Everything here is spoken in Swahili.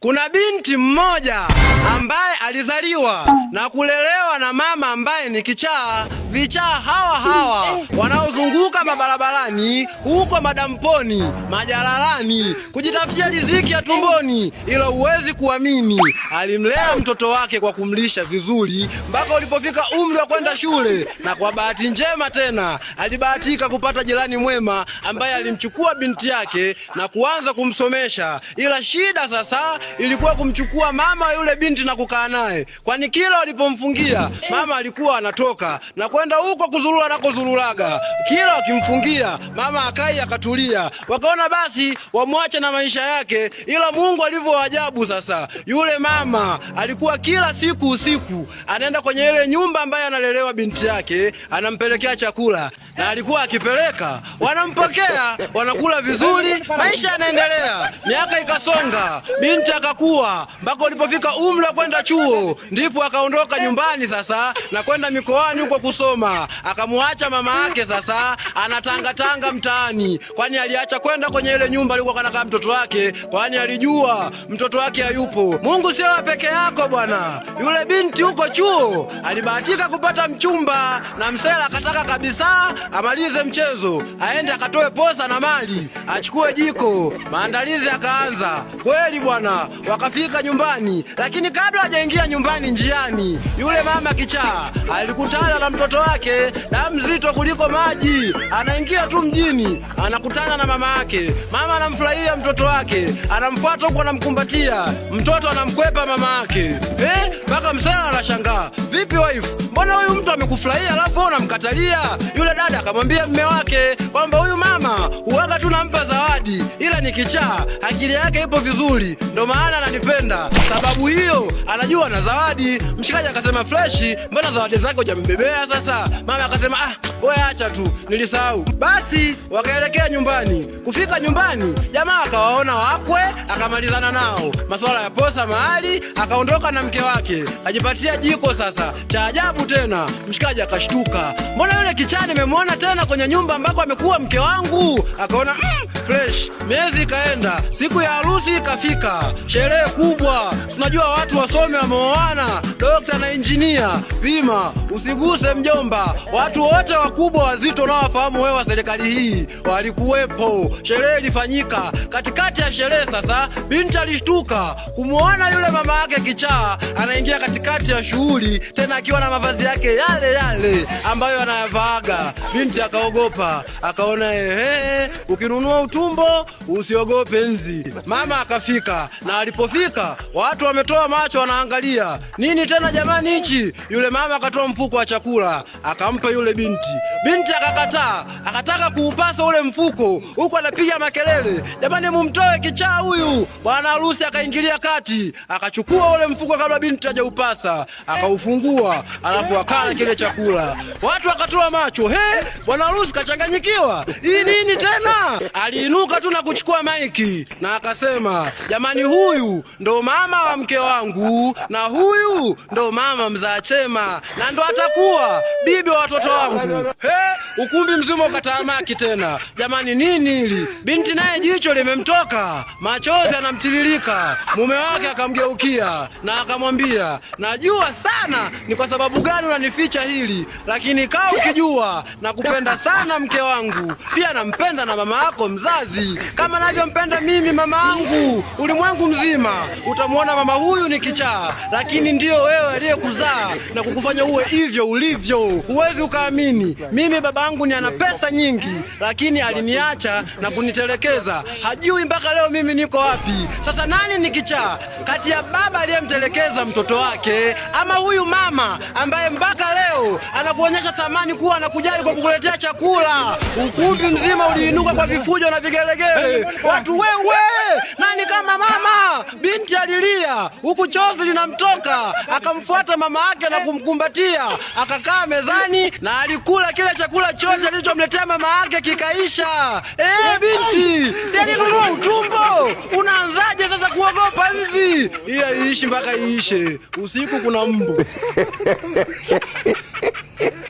Kuna binti mmoja ambaye alizaliwa na kulelewa na mama ambaye ni kichaa vichaa hawa hawa eh. wanaozunguka mabarabarani huko madamponi majalalani kujitafutia riziki ya tumboni, ila huwezi kuamini, alimlea mtoto wake kwa kumlisha vizuri mpaka ulipofika umri wa kwenda shule, na kwa bahati njema tena alibahatika kupata jirani mwema ambaye alimchukua binti yake na kuanza kumsomesha. Ila shida sasa ilikuwa kumchukua mama yule binti na kukaa naye, kwani kila walipomfungia mama alikuwa anatoka na kwa kwenda huko kuzurura na kuzururaga, kila wakimfungia mama akai akatulia, wakaona basi wamwache na maisha yake. Ila Mungu alivyo Sasa yule mama alikuwa kila siku usiku anaenda kwenye ile nyumba ambayo analelewa binti yake, anampelekea chakula na alikuwa akipeleka, wanampokea, wanakula vizuri, maisha yanaendelea. Miaka ikasonga, binti akakuwa mpaka ulipofika umri wa kwenda chuo, ndipo akaondoka nyumbani sasa na kwenda mikoani huko kusoma, akamwacha mama yake. Sasa anatangatanga mtaani, kwani aliacha kwenda kwenye ile nyumba alikuwa kanakaa mtoto wake, kwani alijua mtoto wake hayupo. Mungu sio peke yako bwana. Yule binti huko chuo alibahatika kupata mchumba na msela akataka kabisa amalize mchezo, aende akatoe posa na mali, achukue jiko. Maandalizi akaanza kweli bwana, wakafika nyumbani, lakini kabla hajaingia nyumbani, njiani yule mama kichaa alikutana na mtoto wake na mzito kuliko maji. Anaingia tu mjini, anakutana na mama yake. Mama anamfurahia mtoto wake, anamfuata huko, anamkumbatia mtoto, anamkwepa mama yake eh, mpaka eh, msela anashangaa, vipi wife huyu mtu amekufurahia alafu unamkatalia. Yule dada akamwambia mme wake kwamba huyu mama huwaga nampa zawadi, ila ni kichaa, akili yake ipo vizuri, ndo maana ananipenda sababu hiyo, anajua na zawadi. Mshikaji akasema freshi, mbona zawadi zake hujambebea? Sasa mama akasema ah, we acha tu, nilisahau. Basi wakaelekea nyumbani. Kufika nyumbani, jamaa akawaona wakwe, akamalizana nao masuala ya posa mahali, akaondoka na mke wake, kajipatia jiko sasa. Cha ajabu tena nikamwona mshikaji, akashtuka, mbona yule kichaa nimemwona tena kwenye nyumba ambako amekuwa mke wangu. Akaona mm, fresh. Miezi ikaenda, siku ya harusi ikafika, sherehe kubwa, tunajua watu wasome wameoana, dokta na injinia, pima usiguse mjomba. Watu wote wakubwa wazito unaowafahamu wewe wa serikali hii walikuwepo. Sherehe ilifanyika. Katikati ya sherehe sasa, binti alishtuka kumwona yule mama yake kichaa anaingia katikati ya shughuli, tena akiwa na mavazi yake yale yale ambayo anayavaaga. Binti akaogopa, akaona ehe, ukinunua utu tumbo, usiogope nzi. Mama akafika, na alipofika watu wametoa macho, wanaangalia nini tena jamani hichi. Yule mama akatoa mfuko wa chakula akampa yule binti. Binti akakataa, akataka kuupasa ule mfuko, huku anapiga makelele, jamani, mumtoe kichaa huyu. Bwana harusi akaingilia kati, akachukua ule mfuko kabla binti hajaupasa, akaufungua, alafu akala kile chakula. Watu wakatoa macho, he, bwana harusi kachanganyikiwa, hii nini tena ali akainuka tu na kuchukua maiki na akasema, jamani, huyu ndo mama wa mke wangu na huyu ndo mama mzaa Chema na ndo atakuwa bibi wa watoto wangu. He, ukumbi mzima ukatamaki tena. Jamani, nini hili? Binti naye jicho limemtoka, machozi anamtililika Mume wake akamgeukia na akamwambia, najua sana ni kwa sababu gani unanificha hili, lakini kaa ukijua nakupenda sana mke wangu, pia nampenda na mama yako mzaa wazi, kama anavyompenda mimi mama angu ulimwengu mzima utamwona mama huyu ni kichaa, lakini ndiyo wewe aliyekuzaa na kukufanya uwe hivyo ulivyo. Huwezi ukaamini, mimi baba angu ni ana pesa nyingi, lakini aliniacha na kunitelekeza, hajui mpaka leo mimi niko wapi. Sasa nani ni kichaa kati ya baba aliyemtelekeza mtoto wake ama huyu mama ambaye mpaka leo anakuonyesha thamani kuwa anakujali kwa kukuletea chakula. Ukumbi mzima uliinuka kwa vifujo na vigelegele, watu wewe, nani kama mama? Binti alilia huku chozi linamtoka, akamfuata mama yake na kumkumbatia, akakaa mezani na alikula kile chakula chote alichomletea mama yake kikaisha. Eh, binti, si alikunua utumbo unaanza hii iishi mpaka iishe. Usiku kuna mbu